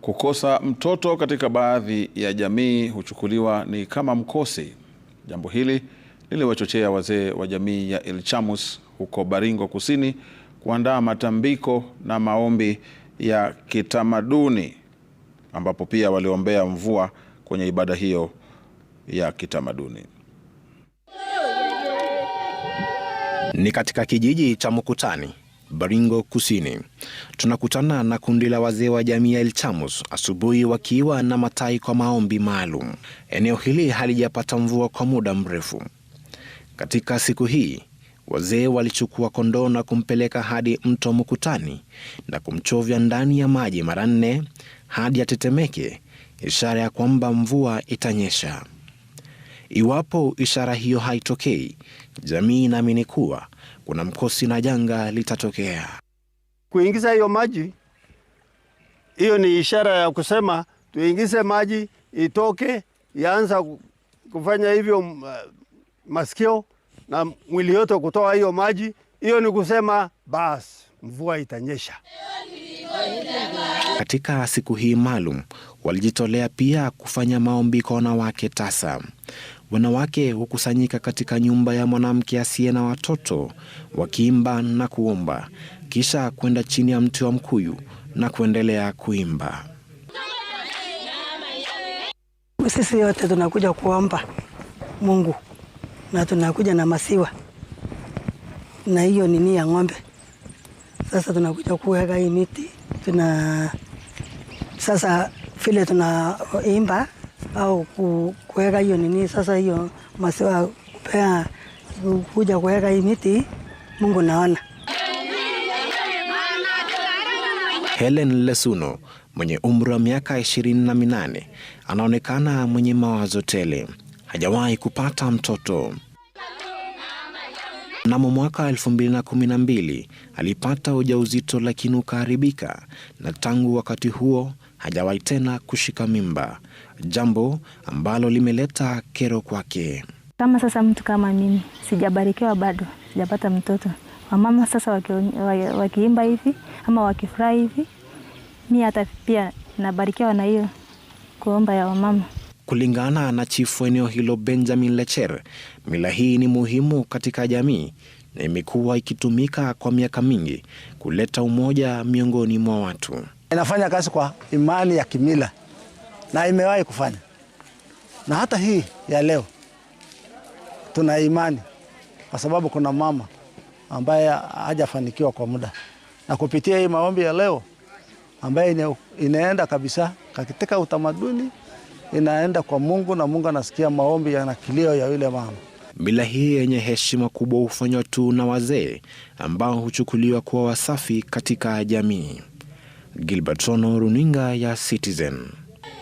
Kukosa mtoto katika baadhi ya jamii huchukuliwa ni kama mkosi. Jambo hili liliwachochea wazee wa jamii ya Ilchamus huko Baringo Kusini kuandaa matambiko na maombi ya kitamaduni ambapo pia waliombea mvua kwenye ibada hiyo ya kitamaduni. Ni katika kijiji cha Mukutani Baringo Kusini. Tunakutana na kundi la wazee wa jamii ya Elchamus asubuhi wakiwa na matai kwa maombi maalum. Eneo hili halijapata mvua kwa muda mrefu. Katika siku hii wazee walichukua kondoo na kumpeleka hadi mto Mukutani na kumchovya ndani ya maji mara nne hadi atetemeke, ishara ya kwamba mvua itanyesha. Iwapo ishara hiyo haitokei, jamii inaamini kuwa kuna mkosi na janga litatokea. Kuingiza hiyo maji, hiyo ni ishara ya kusema tuingize maji itoke, yaanza kufanya hivyo uh, masikio na mwili yote kutoa hiyo maji. Hiyo ni kusema basi mvua itanyesha. Katika siku hii maalum walijitolea pia kufanya maombi kwa wanawake tasa. Wanawake hukusanyika katika nyumba ya mwanamke asiye na watoto wakiimba na kuomba, kisha kwenda chini ya mti wa mkuyu na kuendelea kuimba. Sisi yote tunakuja kuomba Mungu na tunakuja na masiwa na hiyo nini ya ng'ombe. Sasa tunakuja kuweka hii miti tuna sasa vile tunaimba au kuweka hiyo nini sasa, hiyo masiwa kupea kuja kuweka hii miti, Mungu naona. Helen Lesuno mwenye umri wa miaka ishirini na minane anaonekana mwenye mawazo tele, hajawahi kupata mtoto. Mnamo mwaka 2012 alipata ujauzito lakini ukaharibika, na tangu wakati huo hajawahi tena kushika mimba, jambo ambalo limeleta kero kwake. Kama sasa mtu kama mimi sijabarikiwa, bado sijapata mtoto. Wamama sasa wakiimba waki, hivi ama wakifurahi hivi, mi hata pia nabarikiwa na hiyo kuomba ya wamama. Kulingana na chifu eneo hilo Benjamin Lecher, mila hii ni muhimu katika jamii na imekuwa ikitumika kwa miaka mingi kuleta umoja miongoni mwa watu inafanya kazi kwa imani ya kimila na imewahi kufanya, na hata hii ya leo tuna imani, kwa sababu kuna mama ambaye hajafanikiwa kwa muda, na kupitia hii maombi ya leo ambaye ine, inaenda kabisa katika utamaduni, inaenda kwa Mungu na Mungu anasikia maombi na kilio ya yule mama. Mila hii yenye heshima kubwa hufanywa tu na wazee ambao huchukuliwa kuwa wasafi katika jamii. Gilbert Sono, runinga ya Citizen.